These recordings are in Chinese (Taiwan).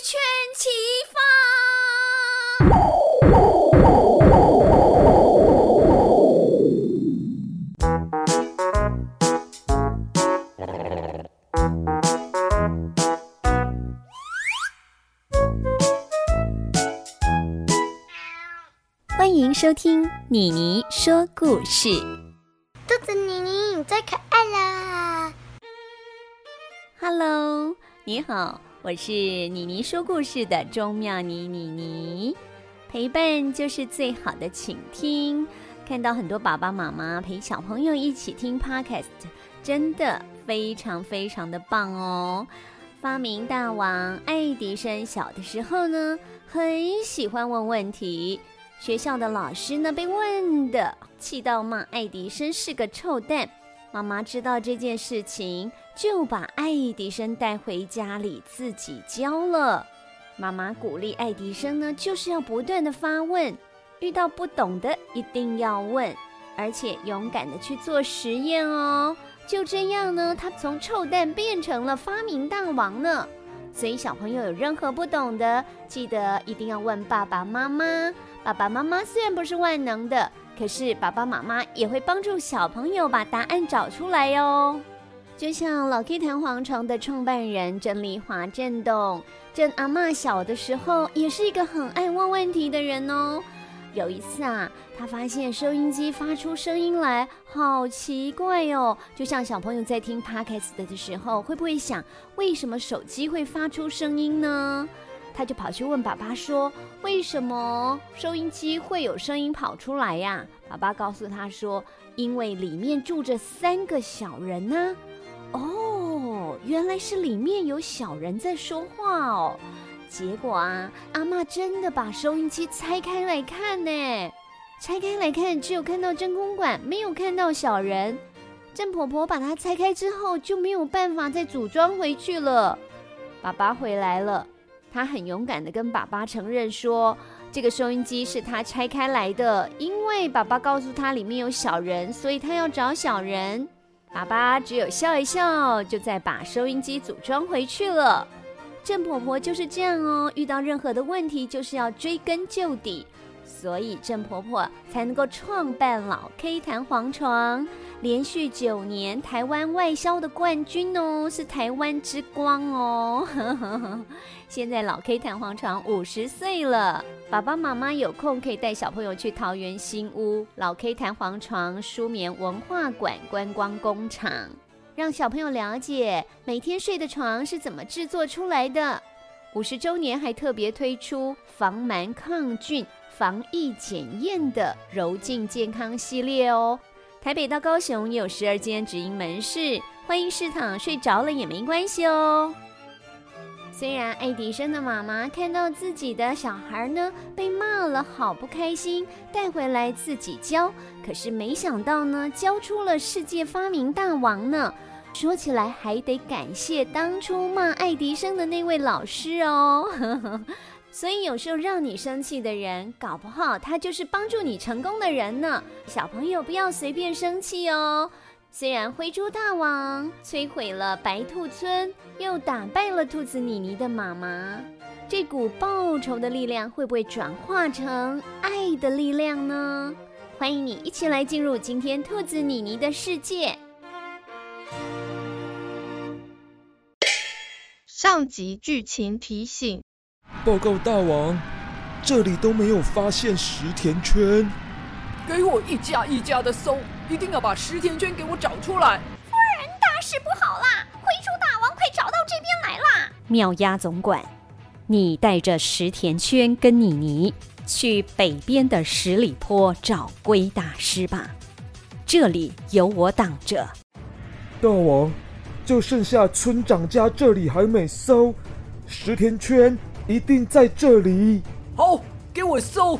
十圈齊發。歡迎收聽妮妮說故事。兔子妮妮最可愛啦。Hello，你好。我是妮妮說故事的鐘妙妮妮妮，陪伴就是最好的傾聽。看到很多爸爸媽媽陪小朋友一起聽 Podcast，真的非常非常的棒哦！發明大王愛迪生小的時候呢，很喜歡問問題，學校的老師呢被問的氣到罵愛迪生是個臭蛋。媽媽知道這件事情，就把愛迪，迪生帶回家裡自己教了。媽媽鼓勵愛迪生呢，就是要不斷的發問，遇到不懂的一定要問，而且勇敢的去做實驗哦。就這樣呢，他從臭蛋變成了發明大王呢。所以小朋友有任何不懂的，記得一定要問爸爸媽媽。爸爸媽媽雖然不是萬能的。可是爸爸媽媽也會幫助小朋友把答案找出來喲、哦。就像老 K 彈簧床的創辦人鄭麗華震動鄭阿媽小的時候也是一個很愛問問題的人哦。有一次啊，他發現收音機發出聲音來，好奇怪哦。就像小朋友在聽 Podcast 的時候，會不會想為什麼手機會發出聲音呢？他就跑去問爸爸說：“為什麼收音機會有聲音跑出來呀？”爸爸告訴他說：“因為裡面住着三個小人呢、啊。”哦，原來是裡面有小人在說話哦。結果啊，阿嬤真的把收音機拆開來看呢，拆開來看只有看到真空管，沒有看到小人。鄭婆婆把它拆開之後就沒有辦法再組裝回去了。爸爸回來了。他很勇敢地跟爸爸承認說，這個收音機是他拆開來的，因為爸爸告訴他裡面有小人，所以他要找小人。爸爸只有笑一笑，就再把收音機組裝回去了。鄭婆婆就是這樣哦，遇到任何的問題就是要追根究底。所以鄭婆婆才能夠創辦老 K 彈簧床，連續九年台灣外銷的冠軍哦，是台灣之光哦。 現在老 K 彈簧床五十歲了，爸爸媽媽有空可以帶小朋友去桃園新屋老 K 彈簧床舒眠文化館觀光工廠，讓小朋友了解每天睡的床是怎麼製作出來的。五十週年還特別推出防蟎抗菌、防疫檢驗的柔淨健康系列哦，台北到高雄有十二間直營門市，歡迎試躺，睡着了也沒關係哦。雖然愛迪生的媽媽看到自己的小孩呢被罵了，好不開心，帶回來自己教，可是沒想到呢，教出了世界發明大王呢。說起來還得感謝當初罵愛迪生的那位老師哦。 所以有時候讓你生氣的人，搞不好他就是幫助你成功的人呢。小朋友不要隨便生氣哦。雖然灰豬大王摧毀了白兔村，又打敗了兔子妮妮的媽媽，這股報仇的力量會不會轉化成愛的力量呢？歡迎你一起來進入今天兔子妮妮的世界。上集劇情提醒。報告大王，這裡都沒有發現十甜圈。給我一家一家的搜，一定要把十甜圈給我找出來。夫人，大事不好啦！灰豬大王快找到這邊來啦！妙鴨總管，你帶着十甜圈跟妮妮去北邊的十里坡找龜大師吧，這裡有我擋着。大王，就剩下村長家這裡還沒搜，十甜圈，一定在這裡。好，給我搜！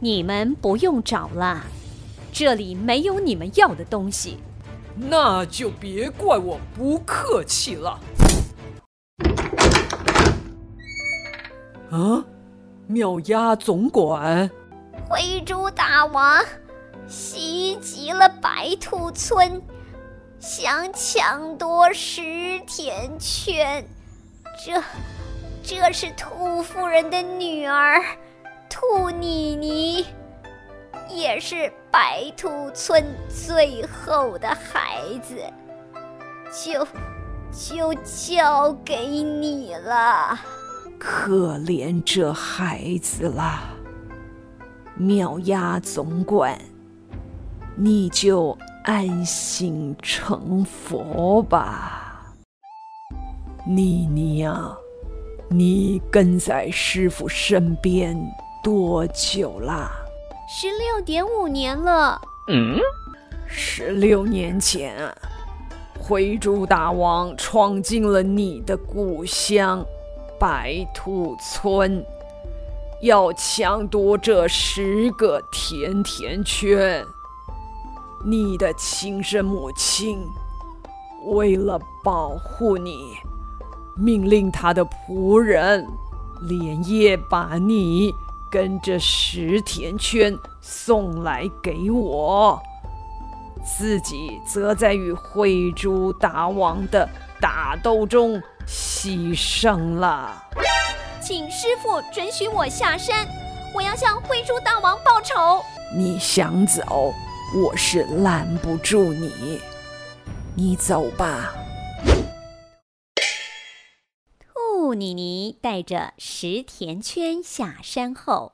你們不用找了，這裡沒有你們要的東西。那就別怪我不客氣了。啊！妙鴨總管，灰豬大王襲擊了白兔村，想搶奪十甜圈。這。這是兔夫人的女兒，兔妮妮，也是白兔村最後的孩子，就就交給你了。可憐這孩子了，妙丫總管，你就安心成佛吧，妮妮呀、啊。你跟在師父身邊多久啦？十六點五年了。嗯，十六年前，灰豬大王闖進了你的故鄉白兔村，要搶奪這十個甜甜圈。你的親生母親為了保護你。命令他的僕人連夜把你跟着十甜圈送來給我，自己則在與灰豬大王的打鬥中犧牲了。請師父准許我下山，我要向灰豬大王報仇。你想走，我是攔不住你，你走吧。兔妮妮帶着十甜圈下山後，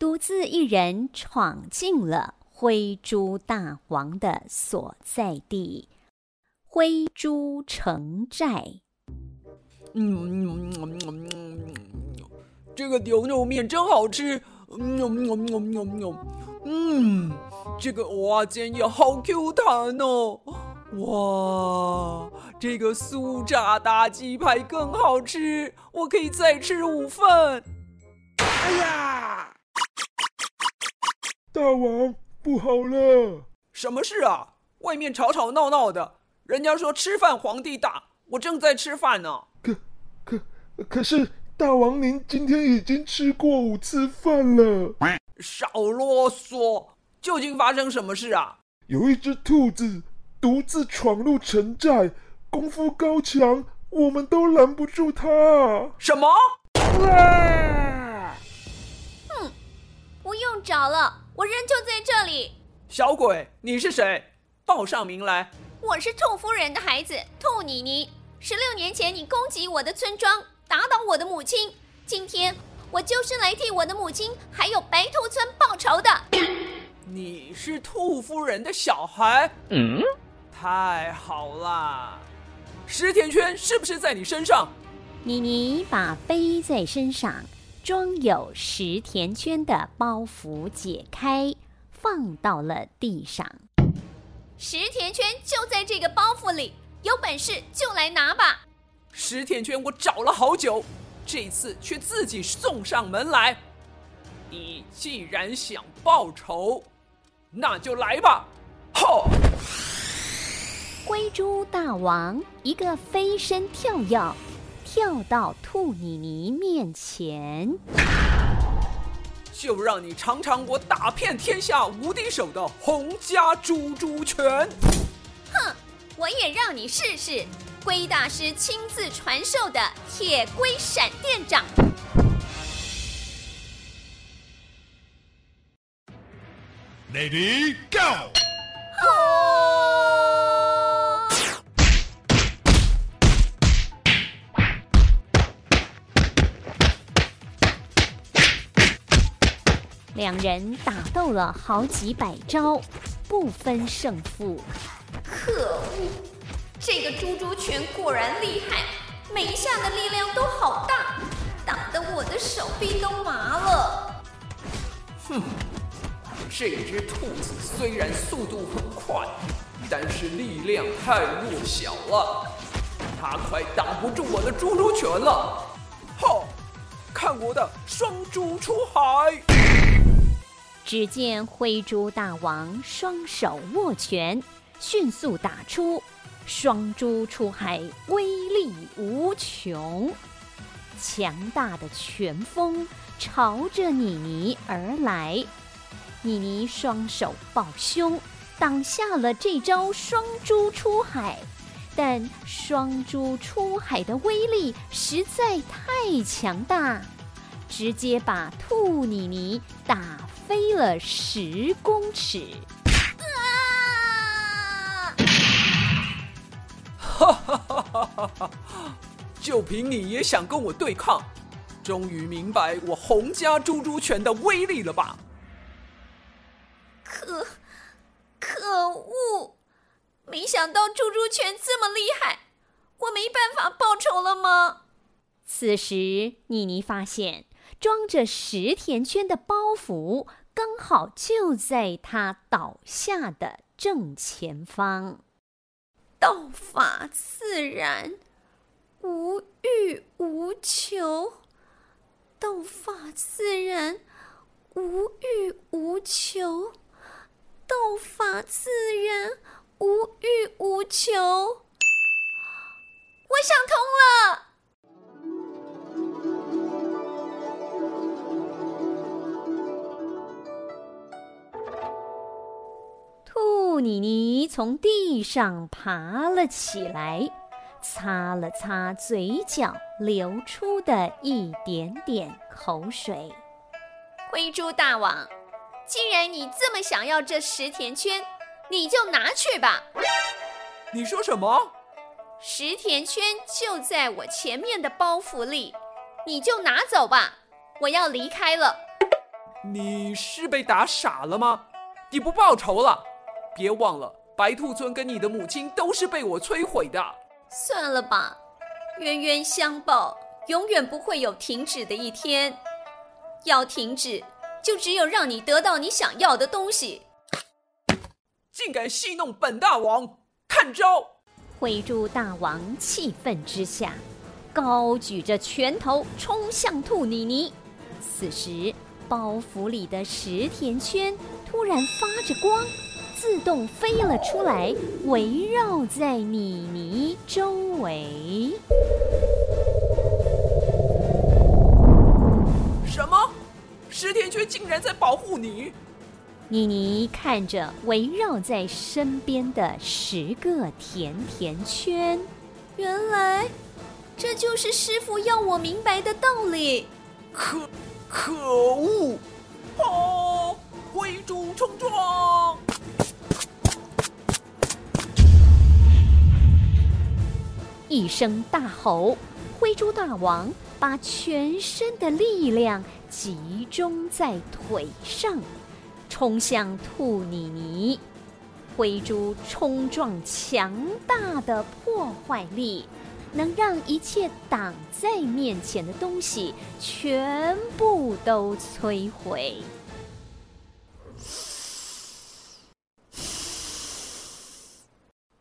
獨自一人闖進了灰豬大王的所在地——灰豬城寨。嗯嗯嗯嗯。嗯，這個牛肉麵真好吃。嗯，嗯嗯，這個蚵仔煎也好 Q 彈哦。哇，這個酥炸大雞排更好吃，我可以再吃五份。哎呀，大王不好了，什麼事啊？「外面吵吵鬧鬧的，人家說吃飯皇帝大，我正在吃飯呢。可可可是，大王您今天已經吃過五次飯了。少囉嗦，究竟發生什麼事啊？有一隻兔子，獨自闖入城寨，功夫高強，我們都攔不住他。什麼？哼、啊嗯，不用找了，我人就在這裡。小鬼，你是誰？報上名來。我是兔夫人的孩子，兔妮妮。十六年前你攻擊我的村莊，打倒我的母親。今天我就是來替我的母親還有白兔村報仇的。你是兔夫人的小孩？嗯。太好啦！十甜圈是不是在你身上？妮妮把背在身上裝有十甜圈的包袱解開，放到了地上。十甜圈就在這個包袱裡，有本事就來拿吧！十甜圈我找了好久，這次卻自己送上門來。你既然想報仇，那就來吧！吼！灰豬大王一個飛身跳躍，跳到兔妮妮面前，就讓你嘗嘗我打遍天下無敵手的洪家豬豬拳！哼，我也讓你試試龜大師親自傳授的鐵龜閃電掌！Lady Go。兩人打鬥了好幾百招，不分勝負。可惡，這個豬豬拳果然厲害，每一下的力量都好大，打得我的手臂都麻了。哼，這隻兔子雖然速度很快，但是力量太弱小了，它快擋不住我的豬豬拳了。哼，看我的雙豬出海！只見灰豬大王雙手握拳，迅速打出雙豬出海，威力無窮。強大的拳風朝着妮妮而來，妮妮雙手抱胸，擋下了這招雙豬出海。但雙豬出海的威力實在太強大，直接把兔妮妮打。飛了十公尺！啊！哈哈哈哈哈！就憑你也想跟我對抗？終於明白我洪家豬豬拳的威力了吧？可可惡！沒想到豬豬拳這麼厲害，我沒辦法報仇了嗎？此時，妮妮發現裝着十甜圈的包袱，剛好就在他倒下的正前方。道法自然，無欲無求。道法自然，無欲無求。道法自然，無欲無求。我想通了。妮妮從地上爬了起來，擦了擦嘴角流出的一點點口水。灰豬大王，既然你這麼想要這十甜圈，你就拿去吧。你說什麼？十甜圈就在我前面的包袱裡，你就拿走吧。我要離開了。你是被打傻了嗎？你不報仇了？別忘了，白兔村跟你的母親都是被我摧毀的。算了吧，冤冤相報，永遠不會有停止的一天。要停止，就只有讓你得到你想要的東西。竟敢戲弄本大王，看招！灰豬大王氣憤之下，高舉着拳頭衝向兔妮妮。此時，包袱裡的十甜圈突然發着光。自動飛了出來，圍繞在妮妮周圍。什麼？十甜圈竟然在保護你！妮妮看着圍繞在身邊的十個甜甜圈，原來這就是師傅要我明白的道理。可可惡！轟、哦！灰豬衝撞。一聲大吼，灰豬大王把全身的力量集中在腿上，衝向兔妮妮。灰豬衝撞強大的破壞力，能讓一切擋在面前的東西全部都摧毀。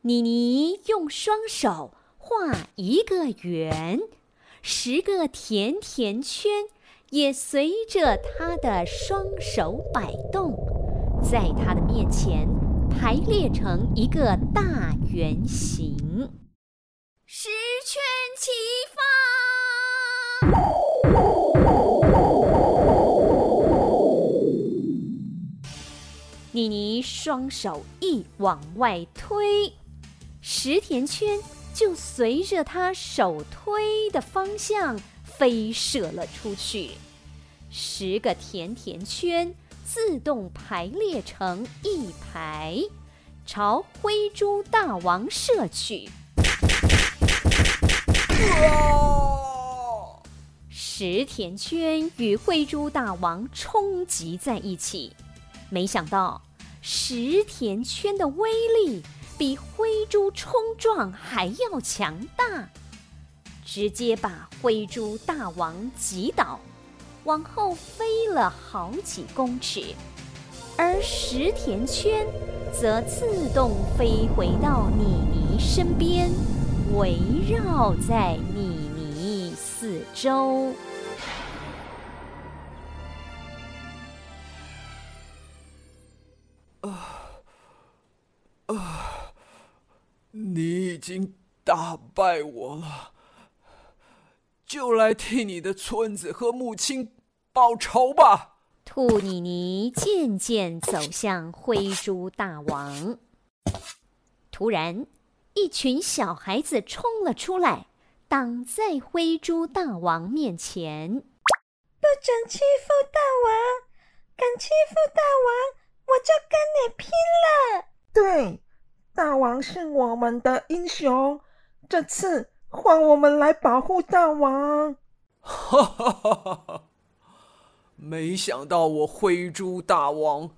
妮妮用雙手。畫一個圓，十個甜甜圈也隨着他的雙手擺動，在他的面前排列成一個大圓形，十圈齊發。妮妮雙手一往外推，十甜圈。就隨着他手推的方向飛射了出去，十個甜甜圈自動排列成一排，朝灰豬大王射去。Whoa! 十甜圈與灰豬大王衝擊在一起，沒想到十甜圈的威力，比灰豬衝撞還要強大，直接把灰豬大王擊倒，往後飛了好幾公尺，而十甜圈則自動飛回到妮妮身邊，圍繞在妮妮四周。啊，啊。你已經打敗我了，就來替你的村子和母親報仇吧。兔妮妮漸，漸漸走向灰豬大王，突然，一群小孩子衝了出來，擋在灰豬大王面前。不准欺負大王！敢欺負大王，我就跟你拼了！對、嗯。大王是我們的英雄，這次換我們來保護大王。哈哈哈哈哈，沒想到我灰豬大王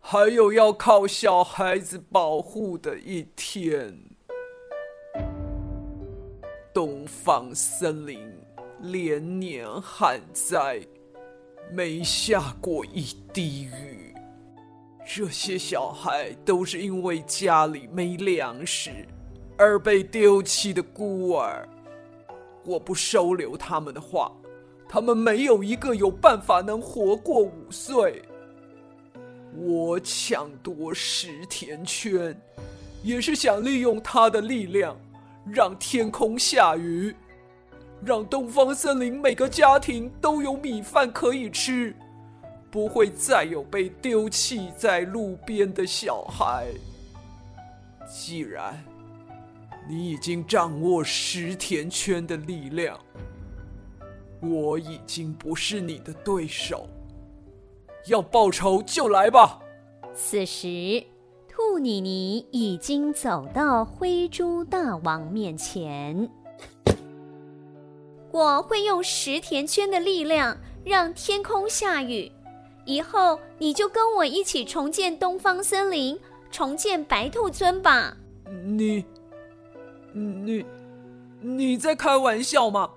還有要靠小孩子保護的一天。東方森林連年旱災，沒下過一滴雨。這些小孩都是因為家裡沒糧食而被丟棄的孤兒。我不收留他們的話，他們沒有一個有辦法能活過五歲。我搶奪十甜圈，也是想利用他的力量，讓天空下雨，讓東方森林每個家庭都有米飯可以吃。不會再有被丟棄在路邊的小孩。既然你已經掌握十甜圈的力量，我已經不是你的對手。要報仇就來吧。此時，兔妮妮已經走到灰豬大王面前。 我會用十甜圈的力量讓天空下雨。以後你就跟我一起重建東方森林，重建白兔村吧。你，你，你在開玩笑嗎？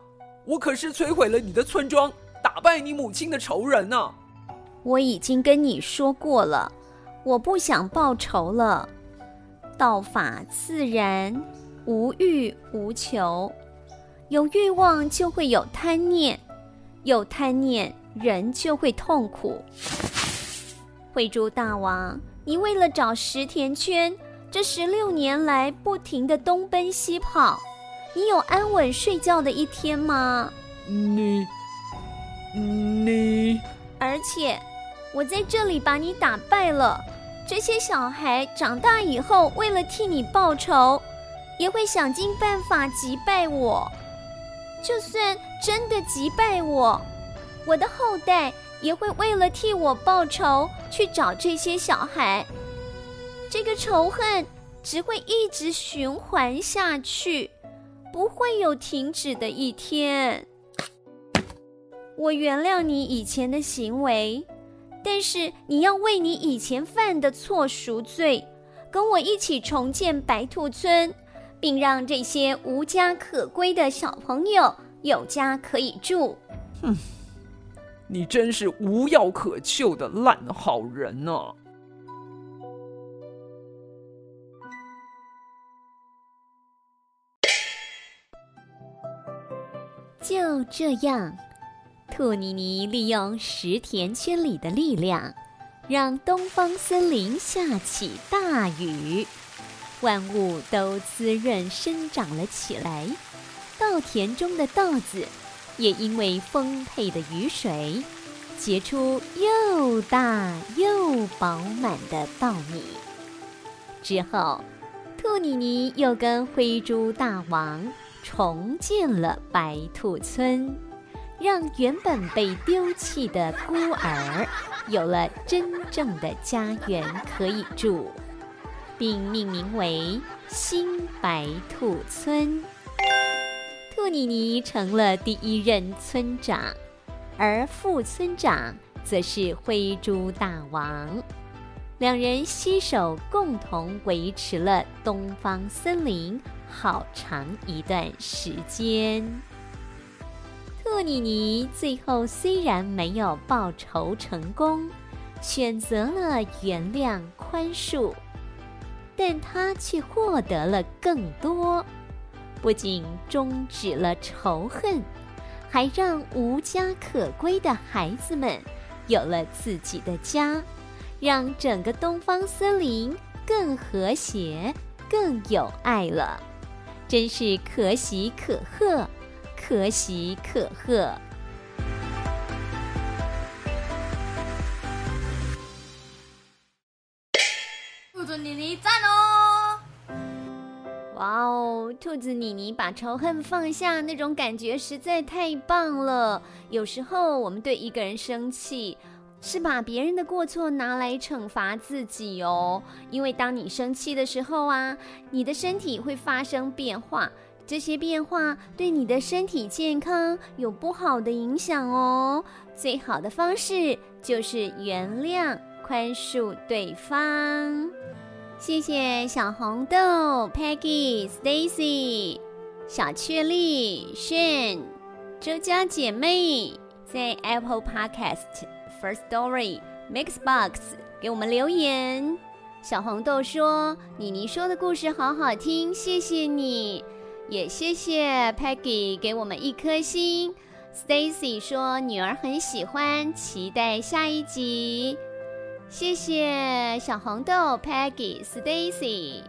我可是摧毀了你的村莊，打敗你母親的仇人呢。我已經跟你說過了，我不想報仇了。道法自然，無欲無求。有慾望就會有貪念，有貪念。人就會痛苦。灰豬大王，你為了找十甜圈，這十六年來不停的東奔西跑，你有安穩睡覺的一天嗎？你，你。而且，我在這裡把你打敗了。這些小孩長大以後，為了替你報仇，也會想盡辦法擊敗我。就算真的擊敗我。我的後代也會為了替我報仇，去找這些小孩，這個仇恨只會一直循環下去，不會有停止的一天。我原諒你以前的行為，但是你要為你以前犯的錯贖罪，跟我一起重建白兔村，並讓這些無家可歸的小朋友有家可以住。哼。你真是無藥可救的爛好人呢、啊！就這樣，兔妮妮利用十甜圈裡的力量，讓東方森林下起大雨，萬物都滋潤生長了起來。稻田中的稻子。也因為豐沛的雨水，結出又大又飽滿的稻米。之後，兔妮妮又跟灰豬大王重建了白兔村，讓原本被丟棄的孤兒有了真正的家園可以住，並命名為新白兔村。兔妮妮成了第一任村長，而副村長則是灰豬大王，兩人攜手共同維持了東方森林好長一段時間。兔妮妮最後雖然沒有報仇成功，選擇了原諒寬恕，但她卻獲得了更多。不僅終止了仇恨，還讓無家可歸的孩子們有了自己的家，讓整個東方森林更和諧、更有愛了，真是可喜可賀，可喜可賀！觀眾你姐，讚哦。哇哦，wow, 兔子妮妮把仇恨放下，那種感覺實在太棒了。有時候我們對一個人生氣，是把別人的過錯拿來懲罰自己哦。因為當你生氣的時候啊，你的身體會發生變化，這些變化對你的身體健康有不好的影響哦。最好的方式就是原諒、寬恕對方。謝謝小紅豆、Peggy、Stacy、小雀麗、Shane、周家姐妹在 Apple Podcast First Story Mixbox 給我們留言。小紅豆說：“妮妮說的故事好好聽，謝謝你。”也謝謝 Peggy 給我們一顆星。”Stacy 說：“女兒很喜歡，期待下一集。”謝謝小紅豆、Peggy、Stacy，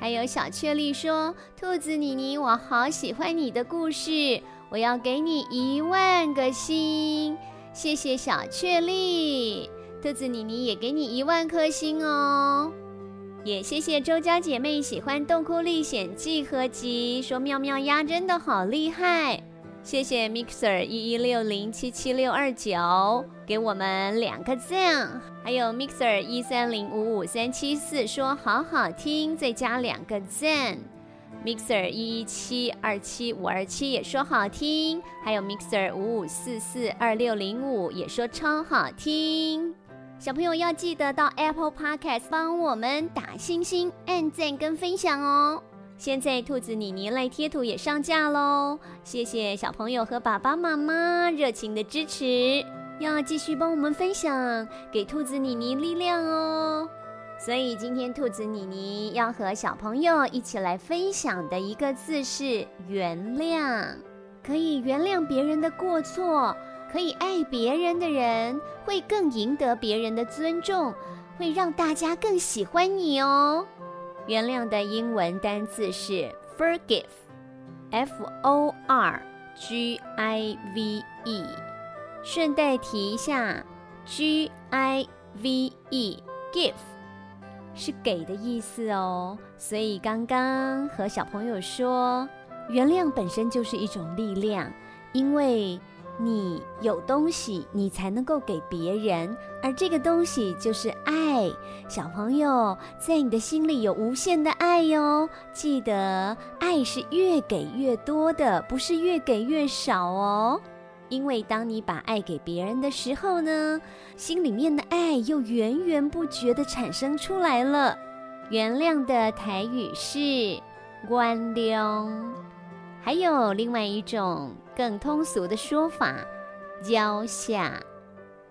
還有小雀麗說：“兔子妮妮，我好喜歡你的故事，我要給你一萬個心。”謝謝小雀麗，兔子妮妮也給你一萬顆心哦。也謝謝周家姐妹喜歡《洞窟歷險記》合集，說妙妙鴨真的好厲害。謝謝 mixer 一一六零七七六二九給我們兩個贊，還有 mixer 一三零五五三七四說好好聽，再加兩個贊，mixer 一一七二七五二七也說好聽，還有 mixer 五五四四二六零五也說超好聽。小朋友要記得到 Apple Podcast 幫我們打星星、按讚跟分享哦。現在，兔子妮妮 line 貼圖也上架嘍！謝謝小朋友和爸爸媽媽熱情的支持，要繼續幫我們分享，給兔子妮妮力量哦。所以今天，兔子妮妮要和小朋友一起來分享的一個字是“原諒”。可以原諒別人的過錯，可以愛別人的人，會更贏得別人的尊重，會讓大家更喜歡你哦。原諒的英文單詞是 forgive，f o r g i v e。順帶提一下，g i v e，give 是給的意思哦。所以剛剛和小朋友說，原諒本身就是一種力量，因為你有東西，你才能夠給別人。而這個東西就是愛，小朋友，在你的心裡有無限的愛喲、哦。記得，愛是越給越多的，不是越給越少哦。因為當你把愛給別人的時候呢，心裡面的愛又源源不絕的產生出來了。原諒的台語是“原諒”，還有另外一種更通俗的說法，“交下”。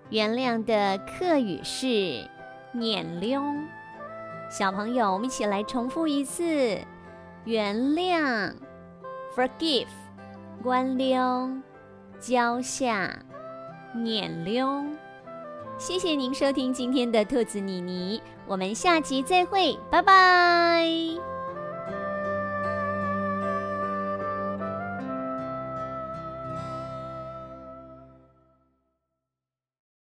原諒的客語是念溜。小朋友，我們一起來重複一次，原諒，forgive，關溜，交下，念溜，謝謝您收聽今天的兔子妮妮，我們下集再會，拜拜。